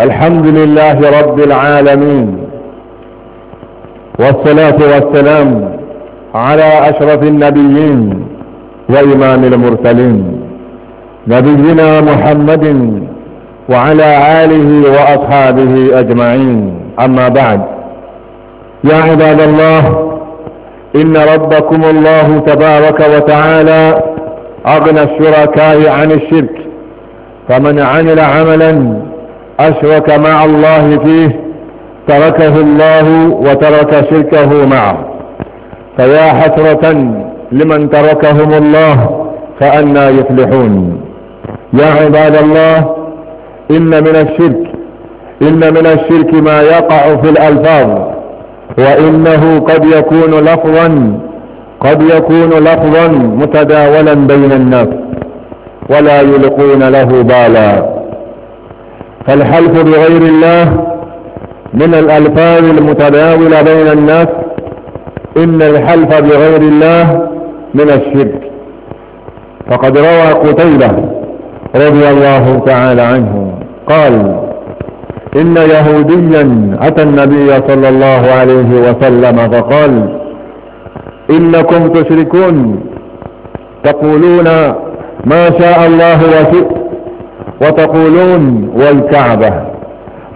الحمد لله رب العالمين والصلاة والسلام على أشرف النبيين وإمام المرسلين نبينا محمد وعلى آله وأصحابه أجمعين أما بعد يا عباد الله إن ربكم الله تبارك وتعالى أغنى الشركاء عن الشرك فمن عمل عملا أشرك مع الله فيه تركه الله وترك شركه معه فيا حسرة لمن تركهم الله فأنا يفلحون يا عباد الله إن من الشرك إن من الشرك ما يقع في الألفاظ وإنه قد يكون لفظا قد يكون لفظا متداولا بين الناس ولا يلقون له بالا فالحلف بغير الله من الألفاظ المتداولة بين الناس إن الحلف بغير الله من الشرك فقد روى قتيبة رضي الله تعالى عنه قال إن يهوديا أتى النبي صلى الله عليه وسلم فقال إنكم تشركون تقولون ما شاء الله وشئت وتقولون والكعبة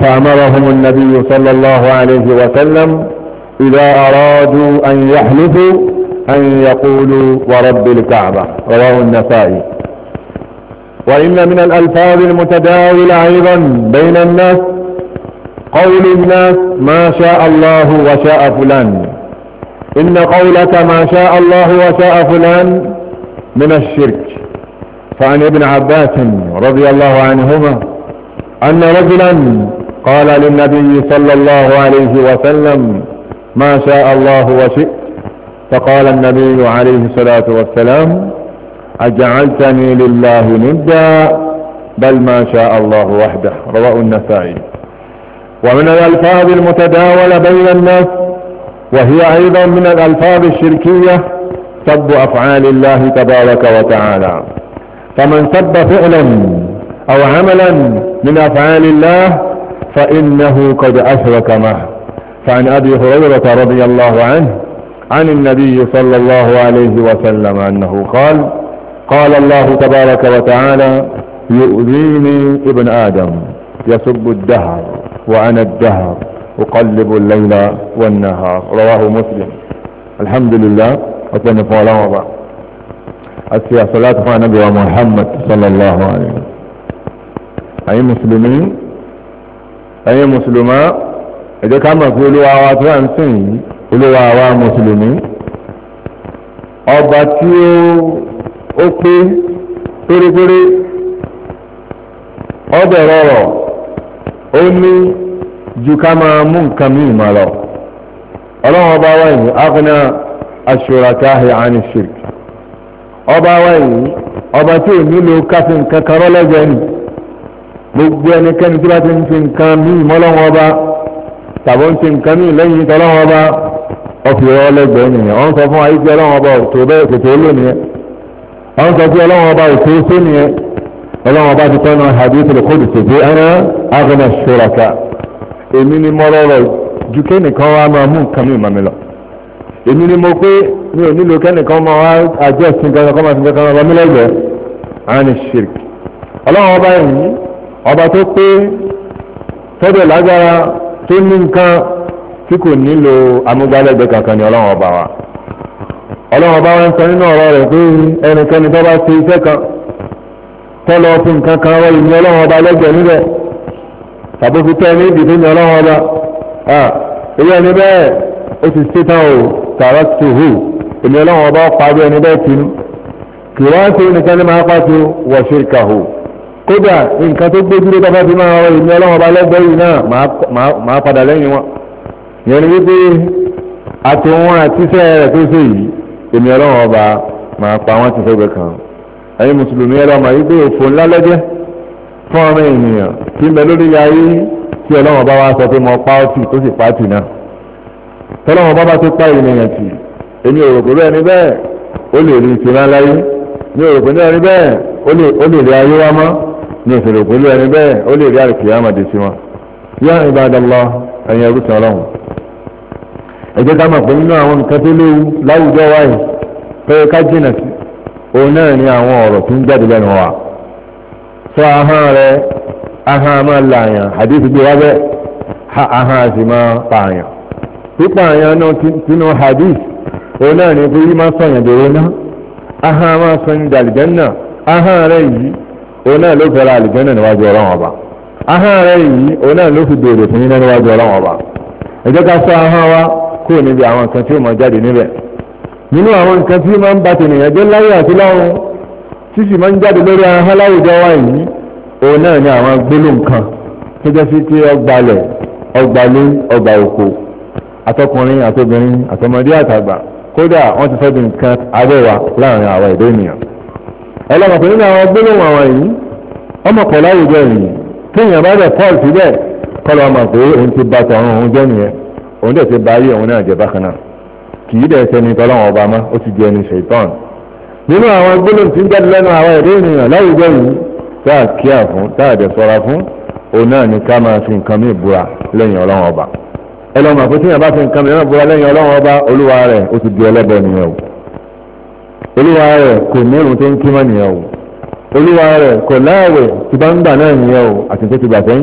فأمرهم النبي صلى الله عليه وسلم إذا أرادوا أن يحلفوا أن يقولوا ورب الكعبة رواه النسائي وإن من الألفاظ المتداولة أيضا بين الناس قول الناس ما شاء الله وشاء فلان إن قولك ما شاء الله وشاء فلان من الشرك فعن ابن عباس رضي الله عنهما أن رجلا قال للنبي صلى الله عليه وسلم ما شاء الله وشئت فقال النبي عليه الصلاة والسلام أجعلتني لله ندا بل ما شاء الله وحده رواه النسائي ومن الألفاظ المتداولة بين الناس وهي أيضا من الألفاظ الشركية سب أفعال الله تبارك وتعالى فمن سب فعلا او عملا من افعال الله فانه قد اشرك معه فعن ابي هريرة رضي الله عنه عن النبي صلى الله عليه وسلم انه قال قال الله تبارك وتعالى يؤذيني ابن ادم يسب الدهر وانا الدهر اقلب الليل والنهار رواه مسلم الحمد لله وسلم الله àti àsọ̀láàtù fún ànábì wa Muhammad sallallahu alayhi wa ayé mùsùlùmí ayé mùsùlùmá ẹ jẹ́ ká mọ̀ pé olúwa wa tó à ń sìn yìí olúwa wa mùsùlùmí ọba tí ó pé pérépéré ọbẹ̀ rọrọ̀ ó ní ju ká máa mú nǹkan míì lọ ọlọ́run ọba wáyé agna aṣọ́ra káhìá ní ṣirk ọba wa yìí ọba tí ò nílò káfí nǹkan kan rọ́lẹ́gbẹ̀ẹ́ nì gbogbo ẹnikẹ́ni tí bá ti ń fi nǹkan míì mọ́lọ́wọ́ ọba tàbí ń fi nǹkan míì lẹ́yìn tọ́lọ́wọ́ ọba ọ̀fi rọ́lẹ́gbẹ̀ẹ́ nìyẹn ọ̀n sọ fún wa yìí pé ọlọ́wọ́ ọba òtò bẹ́ẹ̀ kò tó lò nìyẹn ọ̀n sọ pé ọlọ́wọ́ ọba òtò sí nìyẹn ọlọ́wọ́ ọba ti tọ́nu hadith al-qudsi pé ana aghna mi ò nílò kẹ́nìkan máa wá àjọ ìsìn kan kọ́ máa fi kankan lọ mílẹ̀gbẹ́ àwọn ni shirk ọlọ́run ọba yìí ọba tó pé tọ́jọ́ lágbára tó ní nǹkan tí kò nílò amúgbálẹ́gbẹ́ kankan ni ọlọ́run ọba wa ọlọ́run ọba wa ń sọ nínú ọ̀rọ̀ rẹ̀ pé ẹnikẹ́ni tó bá ṣe iṣẹ́ kan tọ́lọ́ fi nǹkan kan rọ ìní ọlọ́run ọba lẹ́gbẹ̀ẹ́ níbẹ̀ tàbí fi tẹ́ ní ìdìbò ní ọlọ́run ọba èyí ẹni bẹ́ẹ̀ ó ti ṣe tán o tààrà tó hù èmi ọlọ́run ọba pàdé ẹni bẹ́ẹ̀ tinú kì wá sí nìkan ní máa pàṣẹ wọ̀ ṣìrìkàhù kódà nǹkan tó gbé dúró bàbá fi máa rọ èmi ọlọ́run ọba lẹ́gbẹ̀ẹ́ yìí náà máa padà lẹ́yìn wọn ìyẹn ni wípé àtòun àtisẹ́ rẹ̀ tó ṣe yìí èmi ọlọ́run ọba máa pa wọ́n ti fẹ́gbẹ́ kan ẹ̀yin mùsùlùmí ẹlọ́mọ yìí pé òfò ńlá lẹ́jẹ́ fún ọmọ ènìyàn tí ń èmi ò rò bẹ́ẹ̀ ni bẹ́ẹ̀ ó lè rí ìtura láyé mi ò rò bẹ́ẹ̀ ni ó lè rí ayé wá mọ́ ní ìṣòro pẹ̀lú ẹni bẹ́ẹ̀ ó lè rí àrùkì àmàdé sí wọn. yá ìbádallāh ẹ̀yin ẹrú ọlọ́run ẹ ká mọ̀ pé nínú àwọn nǹkan tó léwu láwùjọ wáyé pé ká jìnà sí òun náà ni àwọn ọ̀rọ̀ tó ń jáde lẹ́nu wa sọ ahọ́n rẹ ahọ́n máa làyàn gbé wá bẹ́ẹ̀ hadith òun náà ni pé yí máa sọ̀yàn dèrò náà ahọ́n Aha sọ ní dàlìjẹ́nà ahọ́n rẹ̀ yìí òun ọba fi dèrò fún yín ọba ẹ jẹ́ ká sọ wa ko níbi àwọn nǹkan tí ó máa jáde níbẹ̀ nínú àwọn nǹkan tí máa ń ba tènìyàn jẹ́ láyé àti láwọn tí sì máa ń wa yi òun ni awon kan kódà wọ́n ti sọ́dún nǹkan abẹ́wà láàrin àwa ìdó ènìyàn ọlọ́mọ̀pẹ̀ nínú àwọn gbólóhùn àwọn yìí ọmọ pọ̀ láwùjọ ènìyàn tí èèyàn bá dẹ̀ paul síbẹ̀ kọ́lọ́ ọmọ pé òun ti ba tọ̀run òun jẹ́ nìyẹn òun dẹ̀ ti ba ayé òun náà jẹ́ bákan náà kì í dẹ̀ sẹ́ni tọ́lọ́wọ́n ọba mọ́ ó ti di ẹni ṣètọ́n nínú àwọn gbólóhùn tí ń jáde lẹ́nu àwọn ìdó ènìyàn láwùjọ yìí tá a kíyà fún tá a dẹ̀ sọ́ra fún òun náà ni ká máa fi nǹkan mí búra lẹ́yìn ọlọ́wọ́n ọba ẹlọ́run mọ̀ pé tí yàrá bá fi nǹkan mìíràn búra lẹ́yìn ọlọ́run ọba olúwa rẹ̀ ó ti di ẹlẹ́bọ nìyẹn o olúwa rẹ̀ kò nírun tó ń kí mọ́ nìyẹn o olúwa rẹ̀ kò láàwẹ̀ tí bá ń gbà náà nìyẹn o àti tó ti gbà sẹ́yìn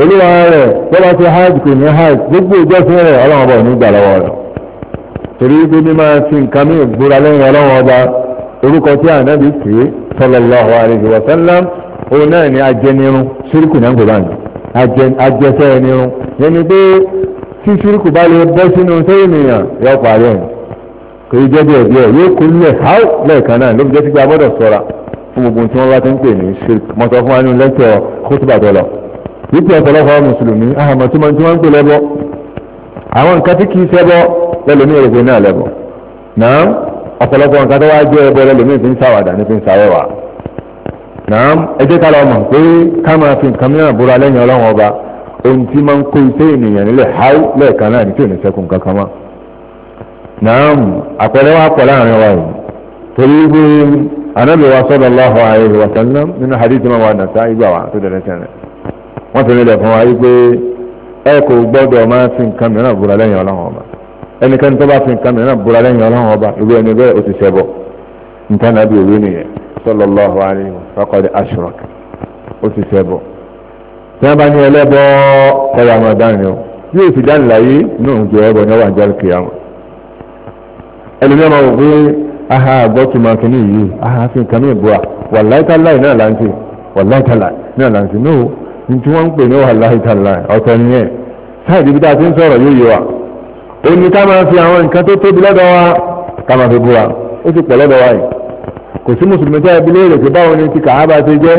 olúwa rẹ̀ tó bá ti hajj kò ní hajj gbogbo ìjọsìn rẹ̀ ọlọ́run ọba ò ní gbà lọ́wọ́ rẹ̀ torí bí mi máa fi nǹkan mìíràn búra lẹ́yìn ọlọ́run ọba orúkọ tí ànábì pè é sallallahu alaihi wa òun náà ni ajẹnirun ṣírkù náà ń gbé ajẹsẹ́ ẹnirun yẹn ni pé tí ṣúrùkù bá lè bọ́ sínú sẹ́yìn èèyàn yọ parí ẹ̀ kò yí jẹ́ bí ẹ̀bí ẹ̀ yóò kó lẹ̀ háù lẹ́ẹ̀kan náà ló fi jẹ́ sí pé a gbọ́dọ̀ sọ́ra fún gbogbo tí wọ́n bá ti ń pè ní ṣírk mọ́tò fún wa nínú lẹ́tọ̀ kótóbà tó lọ wípé ọ̀pọ̀lọpọ̀ mùsùlùmí àmọ́ tí wọ́n tí wọ́n nǹkan tó wá jẹ́ ẹbọ lẹ́lòmí fi ń ṣàwàdà ní fi náà ẹ jẹ́ ká pé ká máa fi nǹkan mìíràn búra lẹ́yìn ọlọ́run ọba ohun tí máa ń kó iṣẹ́ ènìyàn nílẹ̀ háú lẹ́ẹ̀kan náà ní tí ò ní sẹ́kùn kankan mọ́ naam àpẹẹrẹ wa pọ̀ láàrin wa yìí torí pé anábì wa sallallahu alaihi wa sallam nínú hadith máa wà nàta ìgbà wa tó dẹ̀rẹ̀ tẹ̀rẹ̀ wọ́n ti nílẹ̀ fún wa yìí pé ẹ kò gbọ́dọ̀ máa fi nǹkan mìíràn búra lẹ́yìn ọlọ́run ọba ẹnikẹ́ni tó bá fi nǹkan mìíràn búra lẹ́yìn ọlọ́run ọba ìwé ẹni bẹ́ẹ̀ ó ti ṣẹbọ nǹkan nàbí òwe nìyẹn sallallahu alaihi wa faqad ashrak ó ti ṣẹbọ tí wọ́n bá ní ẹlẹ́bọ kọ́ra máa dáhùn o tí yóò fi dáhùn láyé inú òun jẹ́ ẹbọ ní ọwọ́ àjọ kìá wọn. ẹlòmíràn máa wò pé aha àgbọ̀ tó máa kíní yìí aha fi nǹkan mìíràn bọ̀ à wà láìtàláì náà láǹtì wà láìtàláì náà láǹtì no ní tí wọ́n ń pè ní wà láìtàláì ọ̀tọ̀ nìyẹn sáà ibi tá a ti ń sọ̀rọ̀ yóò yé wa ó ká máa fi àwọn nǹkan tó tóbi lọ́dọ̀ wa ká máa fi búra ó sì pọ̀ lọ́dọ̀ wa yìí kò sí mùsùlùmí tá a bi léèrè pé báwo ni ti kàábà ṣe jẹ́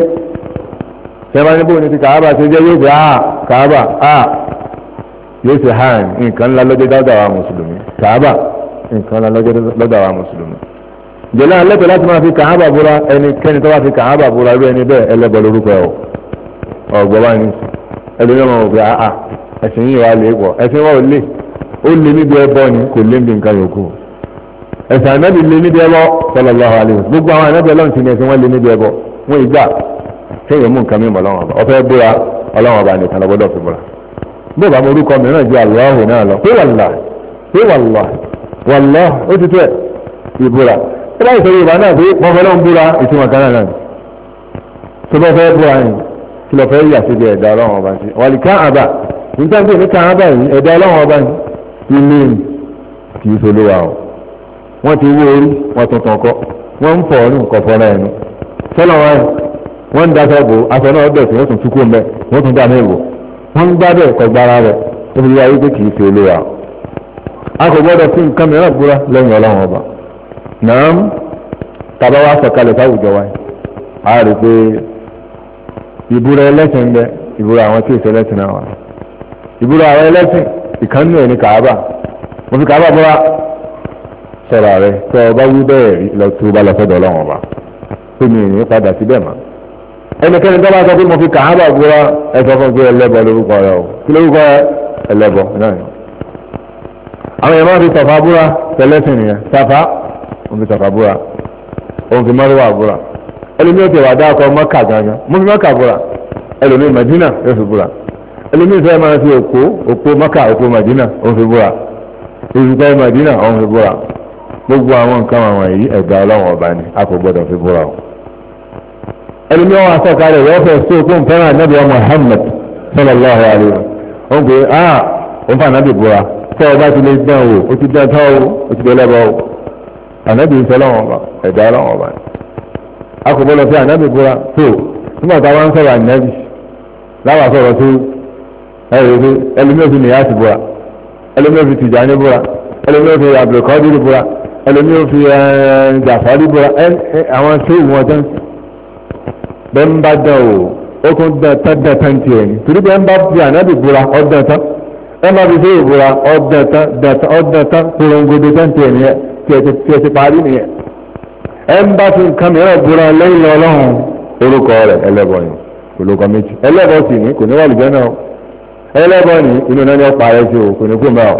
tẹ́lá ní bóun ní ti kàábà ṣe jẹ́ yóò fi áà kàábà áà yóò fi hàn ah, nǹkan ńlá lọ́jọ́ dáadáa wa mùsùlùmí kàábà nǹkan ńlá lọ́jọ́ dáadáa wa mùsùlùmí. ìjọba ẹlẹ́tọ̀ láti máa fi kàábà búra ẹnikẹ́ni tó bá fi kàábà búra rú ẹni bẹ́ẹ̀ ẹlẹ́bọ lórúkọ ẹ̀ ọ̀gbọ́n wa ni ẹbí náà mọ̀ ẹ̀sìn yìí wà lè pọ̀ ẹ̀sìn wa ò lè ó lè níbi ẹbọ ni kò lè kéèyàn mú nǹkan mímọ́ ọlọ́wọ́n ọba ọfẹ́ búra ọlọ́wọ́n ọba nìkan lọ́gbọ́dọ̀ fi búra bí ọba morúkọ mìíràn ju aláhù náà lọ pé wàlá pé wàlá wàlá ó ti tó ẹ̀ ìbúra tí láì sọ yorùbá náà pé mo fẹ́ lọ́n búra ìtumọ̀ kan náà ni tó bá fẹ́ búra yìí kí lọ fẹ́ yà sí ibi ẹ̀dá ọlọ́wọ́n ọba sí wàlí ká àbá nígbà tí èmi ká àbá yìí ẹ̀dá ọlọ́wọ́n ọba yìí ilé kì í solówà o wọ́n ti wó orí wọ́n tuntun kọ́ wọ́n ń fọ̀ ọ́ ní nǹkan fọ́nrán ẹnu sọ́lọ́wọ́n wọ́n ń daṣọ bò aṣọ náà dọ̀tí wọ́n tún tú kúrò wọ́n tún dà mẹ́wò wọ́n ń gbádùn gbára rẹ̀ yá ṣe a kò gbọ́dọ̀ sí nǹkan mìíràn búra lẹ́yìn ọlọ́run ọba náà tàbá wa sọ̀kalẹ̀ sáwùjọ wa a rí pé ìbúra ẹlẹ́sìn bẹ ìbúra àwọn tí ìṣẹ́ ẹlẹ́sìn náà wà ìbúra àwọn ẹlẹ́sìn ẹ̀ ní mo fi sọ̀rọ̀ rẹ̀ ọba wí bẹ́ẹ̀ tó bá lọ sọ́dọ̀ ọlọ́run ọba mi ò ní padà ẹnikẹ́ni tó bá sọ pé mo fi kàhábà búra ẹ sọ fún pé ẹlẹ́bọ lórúkọ rẹ o kí lórúkọ rẹ ẹlẹ́bọ náà ni. àwọn èèyàn máa fi sọ̀fà búra tẹ̀lẹ́sìn nìyẹn sàfà òun fi sọ̀fà búra òun fi mọ́rẹ́wà búra ẹlòmí ò ti wà dá ọkọ mọ́kà gangan mo fi mọ́kà búra ẹlòmí mẹ́dínà yóò fi búra ẹlòmí ìfẹ́ máa fi òkú òkú mọ́kà òkú mẹ́dínà òun fi búra ìfẹ́ mẹ́dínà òun fi búra gbogbo àwọn nǹkan àwọn yìí ẹ̀gbà ọlọ́run ọba ni a kò gbọ́dọ̀ fi búra o ẹni ní wọn àtọ́ka rẹ̀ yọ́ fẹ́ sí okun fẹ́ràn anábì wa Muhammad sallallahu alayhi wa ó ń pè é ah ó ń fa anábì búra tọ́ ọ bá ti lè dán o ó ti dán tán o ó ti dán lẹ́bọ̀ o anábì ń sọ lọ́wọ́n ọba ẹ̀dá lọ́wọ́n ọba a kò gbọ́dọ̀ fẹ́ anábì búra tó nígbà táwa ń sọ̀rọ̀ anábì láwa sọ̀rọ̀ tó ẹ̀rọ pé ẹlòmíràn fi nìyá ti búra ẹlòmíràn fi Tìjàní búra ẹlòmíràn fi Abdulkadir búra ẹlòmíràn fi Jàfárí búra àwọn ṣé tán bẹ́ẹ̀ ń bá dán o ó tún dán tán dán tán tiẹ̀ ni torí bẹ́ẹ̀ ń bá fi ànábì búra ọ́ dán tán ẹ má fi sóyè búra ọ́ dán tán dán tán ọ́ dán tán korongodo tán tiẹ̀ ni ẹ tiẹ̀ ti parí nìyẹn ẹ ń bá fi nǹkan lẹ́yìn ọlọ́run orúkọ rẹ̀ ẹlẹ́bọ̀ ni olùkọ́ méjì ẹlẹ́bọ̀ sì ní kò ní wà lùjẹ́ náà ẹlẹ́bọ̀ ni inú náà ni ọ̀pá rẹ̀ ti o kò ní kú mẹ́ o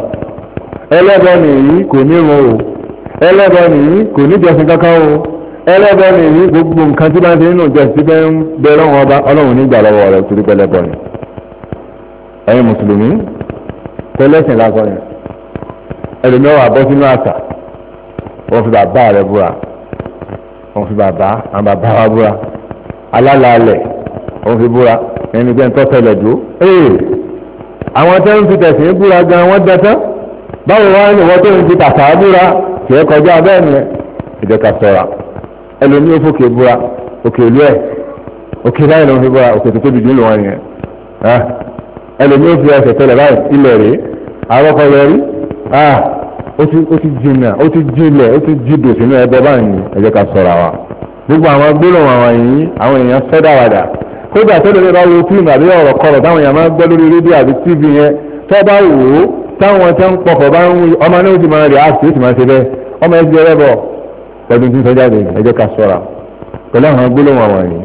ẹlẹ́bọ̀ nìyí kò ní rún o ẹlẹ́bọ̀ nìyí kò ní jọ́sìn kankan o ẹlẹ́bọ ni èyí gbogbo nǹkan tí bá ń ṣe nínú jẹ́ sí bẹ́ẹ̀ ń bẹ̀rẹ̀ wọn ọba ọlọ́run nígbà lọ́wọ́ rẹ̀ torí pẹ́lẹ́bọ ni ẹ̀yin mùsùlùmí pẹ́lẹ́sìn lásán ni ẹlòmíwà bọ́ sínú àṣà wọ́n fi bàbá rẹ̀ búra wọ́n fi bàbá àwọn bàbá wa búra alálàálẹ̀ wọ́n fi búra ẹni pé ń tọ́tẹ̀lẹ̀ dúró ee àwọn tẹ́ ń fi tẹ̀sìn búra gan wọ́n dẹ́tán báwo wá ní wọ́n tó ń fi tàṣà búra kì ni ẹ̀jẹ̀ ẹlòmí ó fòkè búra òkè ìlú ẹ̀ òkè báyìí ló ń fi búra òkè tó tóbi dùn lọ́wọ́ yẹn ẹlòmí ó fi ẹsẹ̀ tẹlẹ̀ báyìí ilẹ̀ rèé àwọkọ̀ lọ rí ah, ó ti jìnà ó ti jìnlẹ̀ ó ti jìdò sínú ẹbọ báyìí ẹ jẹ́ ká sọ̀rọ̀ àwa gbogbo àwọn gbólóhùn àwọn yìí àwọn èèyàn fẹ́ dáradà kódà tó lè bá wo fíìmù àbí ọ̀rọ̀ kọ̀rọ̀ táwọn èèyàn máa ń gbọ́ lórí rédíò àbí tv yẹn tó bá wò ó táwọn tó ń pọkọ̀ bá ń wí ọmọ náà ó ti máa rí àṣìṣe ó ti máa ṣe bẹ́ẹ̀ ọmọ ẹgbẹ́ rẹ̀ bọ̀ lọ́dún tí ń sọ jáde ẹ jẹ́ ká ṣọ́ra pẹ̀lú àwọn gbólóhùn àwọn yìí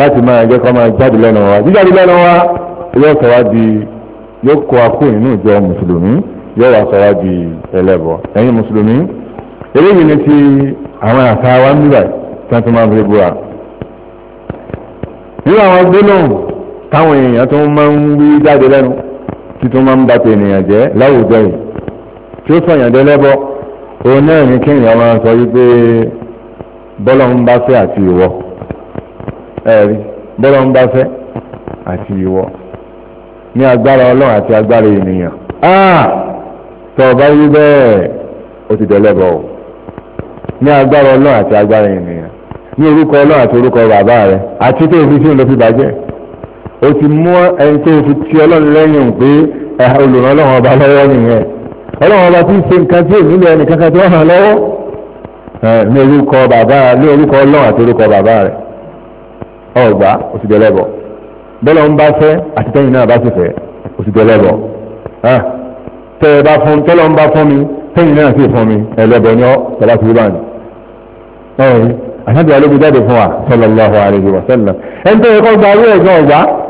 láti máa jẹ́ kó máa jáde lẹ́nu wa jíjáde lẹ́nu wa yóò sọ wá di yóò kó akó nínú ìjọ mùsùlùmí yóò wá sọ wá di ẹlẹ́bọ ẹ̀yin mùsùlùmí eléyìí ni ti àwọn àṣà wa ń bíbà tí wọ́n ti máa fi búra nínú àwọn gbólóhùn táwọn èèyàn tó máa ń wí jáde lẹ́nu tí tó máa ń bàtẹ̀ ènìyàn jẹ́ láwùjọ yìí tí ó sọ̀yàn dẹ́lẹ́bọ̀ọ́ òun náà ní kéèyàn máa sọ wípé bọ́lọ̀ ń àti ìwọ ẹ̀rí bọ́lọ̀ àti ìwọ ní agbára ọlọ́run àti agbára ènìyàn ah! tọ́ ọ bá bẹ́ẹ̀ ó ti dẹ̀lẹ́bọ̀ o ní agbára ọlọ́run àti agbára ènìyàn ní orúkọ ọlọ́run àti orúkọ bàbá rẹ àti tó fi ló fi bàjẹ́ ti mú ẹni tó fi ti ọlọ́run lẹ́yìn pé ọlọ́run ọba tí ń ṣe nǹkan tí èmi lè ẹnì kankan tó hàn lọ́wọ́ ní orúkọ bàbá ní orúkọ ọlọ́run àti orúkọ bàbá rẹ̀ ọgbà òsìdẹ̀lẹ́bọ̀ bọ́lọ̀ ń bá fẹ́ àti tẹ́yìn náà bá sì fẹ́ òsìdẹ̀lẹ́bọ̀ tẹ́ ẹ bá fún tọ́lọ́ ń bá fún mi tẹ́yìn náà sì fún mi ẹlẹ́bọ ni ọ́ tọ́lá sí bá ní. ọ̀hún ló gbé jáde fún wa sallallahu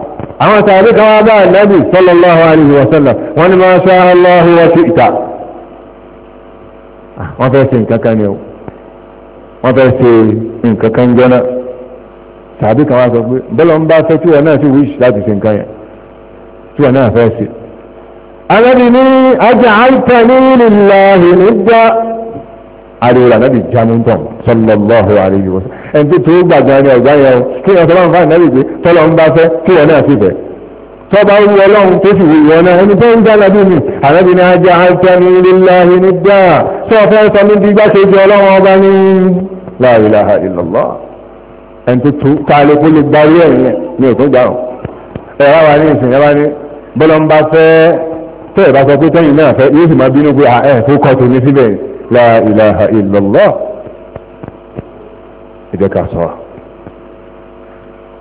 àwọn sàbí kan wá bá ànábì sallallahu alaihi wa sallam wọ́n ní máa sha Allahu wa shi'ta ah, wọ́n fẹ́ ṣe nǹkan kan ni o wọ́n fẹ́ ṣe nǹkan kan jọ́nà sàbí kan wá sọ pé bọ́lá ń bá fẹ́ tí wọ́n náà sì wíṣ láti ṣe nǹkan yẹn tí wọ́n náà fẹ́ ṣe. ànábì ní aj'altani lillahi nidda ariwo ànábì jámúntàn sallallahu alaihi wa sallam ẹni tó tó gbàgbà ni ọ̀gá yẹn o kí wọn sọ bá ń fa ìnáwó ìgbé tọ́lọ́ ń bá fẹ́ kí wọn náà sì fẹ́ tọ́ba wù ọlọ́run tó sì wù wọn náà ẹni tó ń dá lábí mi àrẹ́bí náà jẹ́ àìsàn ìlélẹ́hìn ní dáa tó o fẹ́ sọ ní bí gbàṣẹ́jọ ọlọ́run ọba ní la ilaha illallah ẹni tó ta ló kó lè gbarí ẹ̀ yẹn ní òkú gbà ọ́ ẹ wá wà ní ìsìn ẹ wá ní bọ́lọ́ ẹjẹ́ ká sọ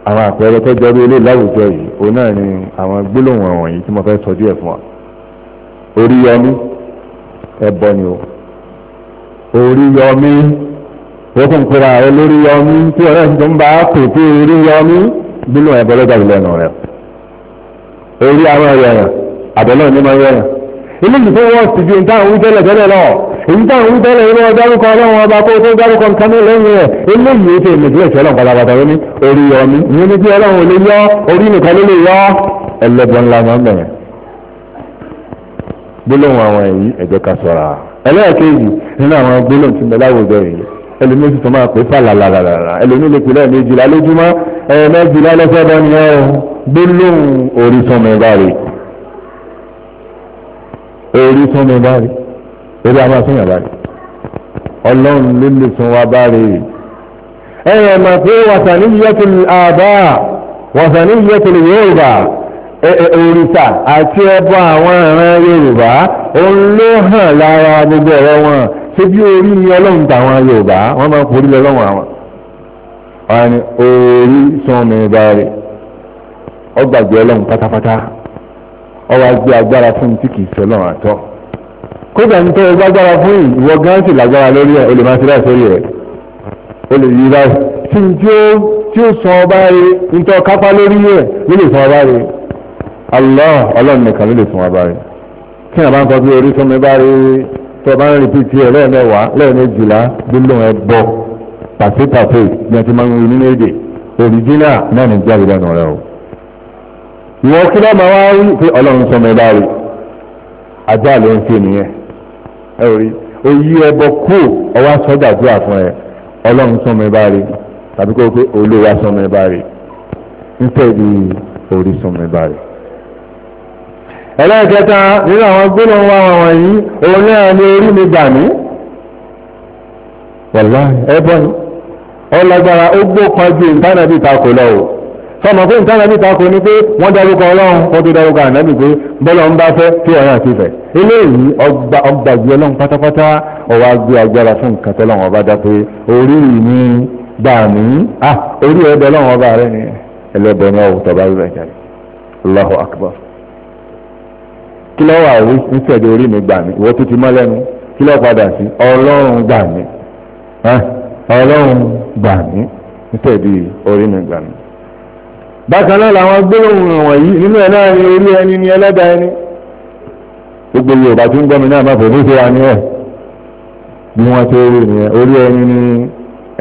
àwọn àpẹẹrẹ tó jẹ́ orí ilé láwùjọ yìí òun náà ni àwọn gbólóhùn ọ̀wọ̀n yìí tí mo fẹ́ sọ díẹ̀ fún wa orí yọmí ẹbọ ni o orí yọmí ó kún pera rẹ lórí yọmí tí ọ̀rẹ́ ti ń bá pè pé orí yọmí gbólóhùn ẹbọ lọ́jà ìlú ẹ̀nà rẹ orí àwọn ẹ̀yẹ̀yàn àbẹ̀lọ́ ni mo yẹ̀yàn eléyìí wọ́n ti ju ní táwọn wújẹ́lẹ̀ tẹ́lẹ̀ lọ́wọ́ ìta òun tẹ́lẹ̀ ilé ọjọ́rùkọ ọlọ́run ọba kó tó dárúkọ nǹkan ní lẹ́yìn rẹ̀ eléyìí ṣe ìmìtìlẹ̀ tí ọlọ́run pátápátá ló ní orí ọmí ìyẹn ní bí ọlọ́run ò lè yọ orí nìkan ló lè yọ ẹlẹ́bọ ńlá máa ń bẹ̀rẹ̀ gbólóhùn àwọn èyí ẹ̀jẹ̀ ká sọ̀ra ẹlẹ́ẹ̀kejì nínú àwọn gbólóhùn tí mẹ́lá àwùjọ yìí ẹlòmí sì tún máa pè fàlàlàlàlà ẹlòmí lè pè lẹ́ẹ̀mejìlá lójúmọ́ ẹ̀ẹ̀mejìlá lọ́sẹ̀ bọ́ ni ẹ̀ gbólóhùn orísun mi bá rí orísun mi bá rí eré a máa fún yàrá rẹ̀ ọlọ́run ló lè tún wa bá rè é ẹ̀yẹ̀ mọ̀ pé wàsàní yẹ́tù àbá wàsàní yẹ́tù yorùbá òrìṣà àti ẹbọ àwọn ìran yorùbá òun ló hàn lára gbogbo ọ̀rọ̀ wọn ṣé bí orí ni ọlọ́run tàwọn yorùbá wọ́n máa ń forí lọ́wọ́ àwọn ọ̀rìn orí sọ́ọ̀mù ìbáre ọgbàgbé ọlọ́run pátápátá ọwọ́ agbé agbára fún tí kìí sọ́lọ́run àtọ́ kódà ní tẹ́wọ́ gbágbára fún ìwọ gan sì lágbára lórí ẹ̀ o lè máa ṣe láì sórí ẹ̀ o lè yí báyìí tí n tí ó tí ó sọ ọba rẹ ntọ́ kápá lórí ẹ̀ ló lè sọ ọba rẹ Allah ọlọ́run nìkan ló lè sọ ọba rẹ tí wọn bá ń kọ bí orí sọmi bá rí tí wọn bá ń rìpítì ẹ lẹ́ẹ̀mẹ́wàá lẹ́ẹ̀mejìlá gbólóhùn ẹ bọ pàṣípàṣẹ bí wọn ti máa ń wí nínú èdè òrìjínà náà ní jáde lẹ́nu rẹ o ìwọ kí lọ́ọ́ máa wá rí pé ọlọ́run sọmi bá rí ajá ló ń ṣe nìyẹn ẹ̀rí oyí ẹbọ kú ọwá sọ́jà dúà fún ẹ ọlọ́run sọmọ ẹ bá rí tàbí kó o pé olówó sọmọ ẹ bá rí nítorí orí sọmọ ẹ bá rí ẹlẹ́ẹ̀kẹta nínú àwọn gbólóhùn wa wọn wọ̀nyí òun náà ní orí mi gbà mí wàláhì ẹbọ ni ọlágbára ó gbó kan ju ìtànà bíi ta sọmọ pé nǹkan ẹni tako ni pé wọ́n dárúkọ ọlọ́run wọ́n tó dárúkọ ànábì pé bọ́lá ń bá fẹ́ tí ọ̀rẹ́ àti ìfẹ́ eléyìí ọgbà ọgbàgbé ọlọ́run pátápátá ọwọ́ agbé agbára fún nǹkan tọ́lọ́run ọba dá pé orí mi gbà mí ah orí ẹ̀dọ́ ọlọ́run ọba rẹ ni ẹlẹ́bọ̀ ni ọ̀hún tọ́ba rẹ̀ jáde Allahu Akbar kí lọ́wọ́ àwí ń tẹ̀lé orí mi gbà mí ìwọ́ tó ti mọ́ lẹ́nu kí lọ́ padà sí ọlọ́run gbà mí ọlọ́run gbà mí ń tẹ̀lé orí mi gbà mí bákan náà làwọn gbólóhùn wọ̀nyí nínú ẹ̀ náà ni orí ẹni ni ẹlẹ́dà ẹni gbogbo yorùbá tí ń gbọ́mi náà má fòdú sí wa ní ẹ̀ bí wọ́n ti rí ni orí ẹni ni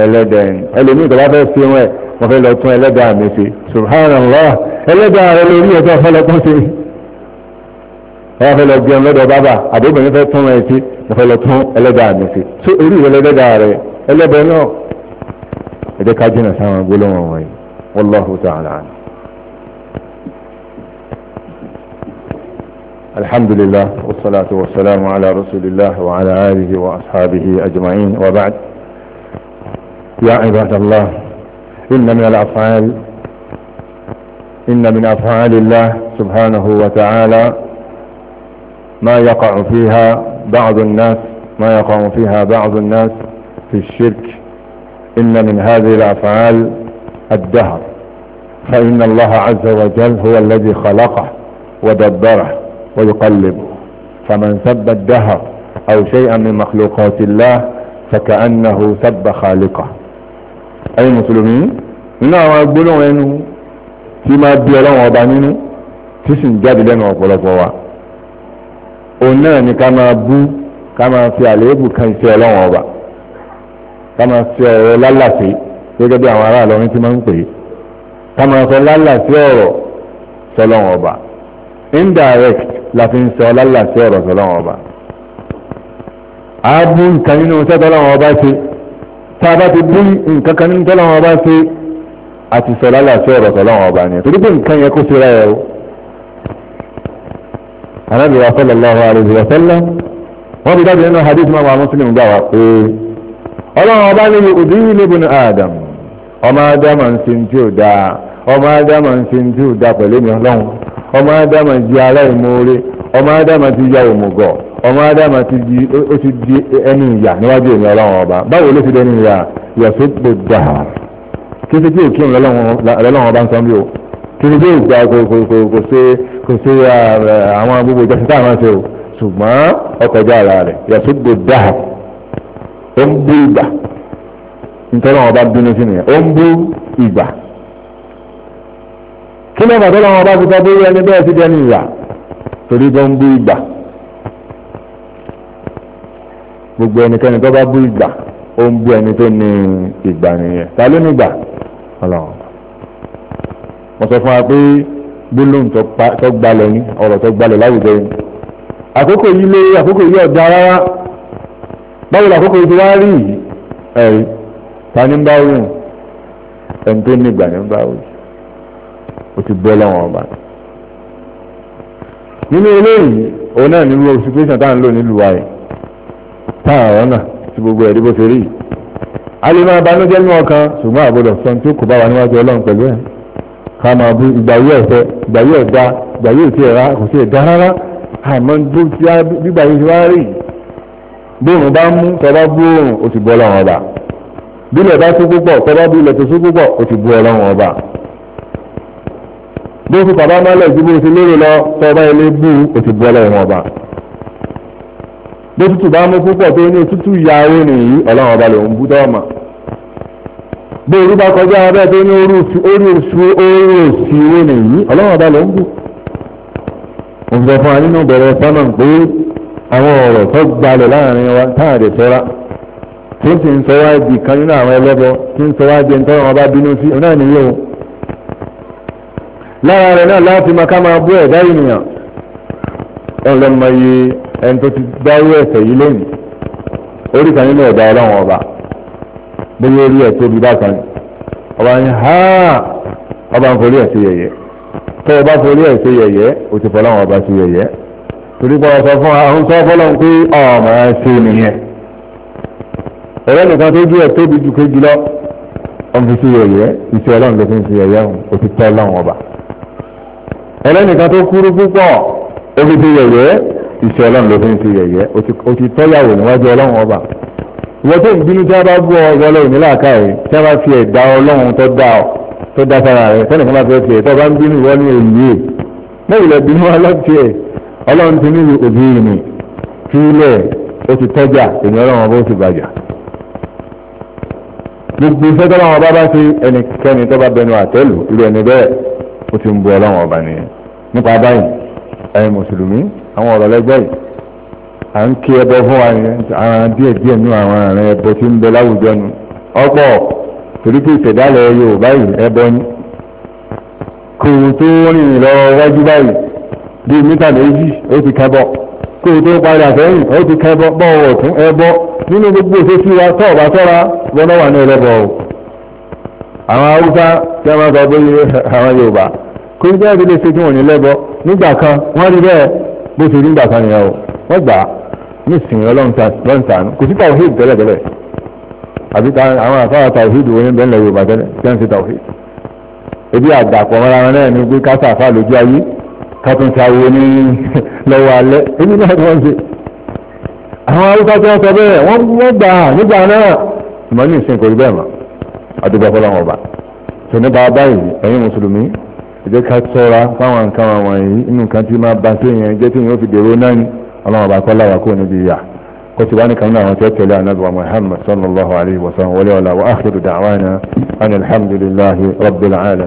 ẹlẹ́dà ẹni ẹlòmíì tó bá fẹ́ fi wọn ẹ̀ wọ́n fẹ́ lọ tún ẹlẹ́dà mi ṣe subhanallah ẹlẹ́dà rẹ lórí ẹ̀ tó fẹ́ lọ tún ṣe wọ́n fẹ́ lọ jẹun lọ́dọ̀ bábà àdóbìnrin fẹ́ tún ẹ̀ sí wọ́n fẹ́ lọ tún ẹlẹ́dà mi ṣe so orí ìwé rẹ ẹlẹ́bẹ̀ náà ẹ̀jẹ̀ والله تعالى عنه الحمد لله والصلاة والسلام على رسول الله وعلى آله وأصحابه أجمعين وبعد يا عباد الله إن من الأفعال إن من أفعال الله سبحانه وتعالى ما يقع فيها بعض الناس ما يقع فيها بعض الناس في الشرك إن من هذه الأفعال الدهر فإن الله عز وجل هو الذي خلقه ودبره ويقلبه فمن سب الدهر أو شيئا من مخلوقات الله فكأنه سب خالقه أي مسلمين إن ربنا وينه فيما أبدي لهم وبانينه تسن لنا وقل صوا أنني كما أبو كما في عليه كان في لهم كما في لله gẹ́gẹ́ bí àwọn ará Ìlọrin tí máa ń pè é táwọn sọ lálà sí ọ̀rọ̀ sọlọ́wọ́n ọba indirect la fi ń sọ lálà sí ọ̀rọ̀ sọlọ́wọ́n ọba ààbù nǹkan nínú iṣẹ́ tọ́lọ́wọ́n ọba ṣe tá a bá ti bú nǹkan kan nínú tọ́lọ́wọ́n ọba ṣe àti sọ lálà sí ọ̀rọ̀ sọlọ́wọ́n ọba ni torí pé nǹkan yẹn kó síra ẹ̀ o anabi wa sallallahu alayhi wa sallam wọ́n fi dábìí nínú hadith máa wà mùsùlùmí gbà wá pé ọlọ́run ọba ní ìdíyìn ní ibùn adam ọmọ ádámà ń sin tí ò dáa ọmọ ádámà ń sin tí ò dáa pẹ̀lú mi ọlọ́run ọmọ ádámà di aláìmoore ọmọ ádámà ti ya òmùgọ̀ ọmọ ádámà ti di ó ti di ẹni ìyà níwájú èmi ọlọ́run ọba báwo ló ti dẹni ìyà yẹ̀sọ́ tó dáa kété tí òkè ọlọ́run ọba ń sọ bí o kété tí òkè kò ṣe kò ṣe àwọn gbogbo ìjọsìn tá a ṣe o ṣùgbọ́n ọkọ̀ ìjà ara rẹ̀ yẹ̀sọ́ tó dáa ó ń bú ìgbà ntọ́lọ́ wọn bá bínú sí nìyẹn ó ń bú ìgbà kí ló bàtọ́ lọ́wọ́ bá fi sọ pé ẹni bẹ́ẹ̀ sí dẹ́ni ìyà torí tó ń bú ìgbà gbogbo ẹnikẹ́ni tó bá bú ìgbà ó ń bú ẹni tó ní ìgbà nìyẹn ta ló ní ìgbà wọ́n sọ fún wa pé gbólóhùn tó gbalẹ̀ ní ọ̀rọ̀ tó gbalẹ̀ láwùjọ yìí àkókò yìí lé àkókò yìí ọ̀dà rárá báwo làkókò yìí ti wá rí yìí ẹ̀rí ta ní bá wù ẹni tó nígbà ní bá wù ó ti bọ́ lọ́wọ́ ọba nínú eléyìí òun náà nínú situation tá à ń lò nílùú wa yìí tá à rọ́nà tí gbogbo ẹ̀rí bó ṣe yìí a lè máa banújẹ́ nínú ọkàn ṣùgbọ́n àgbọ̀dọ̀ sọ tí ó kò bá wa níwájú ọlọ́run pẹ̀lú ẹ̀ ká máa bú ìgbà yóò ẹ̀fẹ́ ìgbà yóò da ìgbà yóò ti ẹ̀rá kò sí ẹ̀dá rárá àmọ́ bó ti á bígbà yóò ti wá rí bóun bá mú tọ́ bá bú òun ó ti bọ́ lọ́wọ́ ọba bílẹ̀ bá sún púpọ̀ tọ́lá bílẹ̀ tó sún púpọ̀ ó ti bu ọlọ́run ọba bí ó fi bàbá mọ́lẹ̀ ju bó ti lérò lọ tọ́ba ilé bú ó ti bu ọlọ́run ọba bó tútù bá mú púpọ̀ tó ní tútù ìyàwó nìyí ọlọ́run ọba lòún bú dọ́ọ̀mà bí orí bá kọjá abẹ́ tó ní orí òsì orí òsì owó nìyí ọlọ́run ọba lòún bú òǹdọ̀fún ànínú bẹ̀rẹ̀ sọ́nà pé àwọn ọ̀rọ̀ tó gbalẹ̀ láàrin wa táàdì sọ́ra tí ń sì ń sọ wá di kan nínú àwọn ẹlẹ́bọ tí ń sọ wá di ẹ̀ńtọ́ ọba bínú sí ọ̀nà ìníyẹ o lára rẹ̀ náà láti máa ká máa bú ẹ̀dá ènìyàn ọlọ́mọ iye ẹni tó ti dárú ẹ̀ṣẹ̀ yìí lónìí orí kan nínú ẹ̀dá ọlọ́run ọba bóyá orí ẹ̀ tóbi bákan ọba ń ha ọba ń forí ẹ̀ sí yẹ̀yẹ́ tó o bá forí ẹ̀ sí yẹ̀yẹ́ o ti fọlọ́run ọba sí yẹ̀yẹ́ torí pé ọ̀sán fún ọ̀hún ọ̀rẹ́ nìkan tó jẹ́ tóbi jù kéjì lọ wọ́n fi sí yẹ̀yẹ́ iṣẹ́ ọlọ́run ló fi ń fi yẹ̀yẹ́ òun ó ti tọ́ ọlọ́run ọba ọ̀rẹ́ nìkan tó kúrú púpọ̀ ó fi sí yẹ̀yẹ́ iṣẹ́ ọlọ́run ló fi ń fi yẹ̀yẹ́ ó ti tọ́yàwó níwájú ọlọ́run ọba ìwọ tó ń bínú tí a bá bú ọ ìwọ lọ ìnílà káyè tí a bá fi ẹ̀dá ọlọ́run tó dá ọ tó dá sára rẹ sẹ́ni kan bá fẹ́ fi ẹ̀tọ́ bá ń bínú ìwọ ní èyí ẹ̀ lẹ́yìn lọ bínú ọlọ́tì ẹ̀ ọlọ́run ti ní òbí ìní fi ilẹ̀ ó ti tọ́jà èmi ọlọ́run ọba ó ti bàjà gbogbo iṣẹ́ tó láwọn ọba bá ṣe ẹnikẹ́ni tó bá bẹnu àtẹ́lù irú ẹni bẹ́ẹ̀ ó ti ń bu ọlọ́run ọba nìyẹn nípa báyìí ẹ̀yin mùsùlùmí àwọn ọ̀rọ̀ lẹ́gbẹ́ yìí à ń kí ẹbọ fún wa yẹn àwọn díẹ̀ díẹ̀ nínú àwọn àrùn ẹbọ tí ń bẹ láwùjọ nu ọ̀pọ̀ torí pé ìṣẹ̀dálẹ̀ Yorùbá yìí ẹbọ ni kò tó rìn lọ wájú báyìí bíi mítà méjì ó ti kẹ́bọ̀ kó o tó parí àfẹ́yìn ó ti kẹ́ bọ́ ọ̀wọ̀ fún ẹbọ nínú gbogbo ìṣesí wa tọ́ ọ̀bá tọ́ra gbọ́dọ̀ wà ní ẹlẹ́bọ̀ o àwọn haúsá tí a máa sọ pé àwọn yorùbá kó o jẹ́ ìdílé ṣe tí wọ́n ní lẹ́bọ nígbà kan wọ́n rí bẹ́ẹ̀ bó ṣe rí nígbà kan nìyẹn o wọ́n gbà á ní ìsìn ọlọ́ntàn kò sí tàwíìd tẹ́lẹ̀tẹ́lẹ̀ àbí àwọn àfáà tàwíìd wo ní bẹ́ẹ̀ lẹ́ yorùbá ebi àdàpọ̀ mọ́ra wọn náà ní gbé kásà àfáà kátún ti awo ní lọ́wọ́ alẹ́ èmi náà wọ́n ṣe àwọn arúgbó tí wọ́n sọ bẹ́ẹ̀ wọ́n gbà nígbà náà ìmọ̀ ní ìsìn kò rí bẹ́ẹ̀ mọ́ àdúgbò ọ̀pọ̀lọpọ̀ ọba tó nípa báyìí ẹ̀yin mùsùlùmí ìjẹ́ ká sọ́ra fáwọn nǹkan àwọn yìí inú nǹkan tí máa ba séèyàn jẹ́ tí yóò fi dèrò náà ni ọlọ́run ọba kọ́ láwa kúrò níbi ìyà kó sì wá ní kàmínà àwọn tí ó tẹ̀lé ànábì wa muhammad sallallahu alayhi wa sallam wọlé ọ̀la wa áàkìrì dàwọn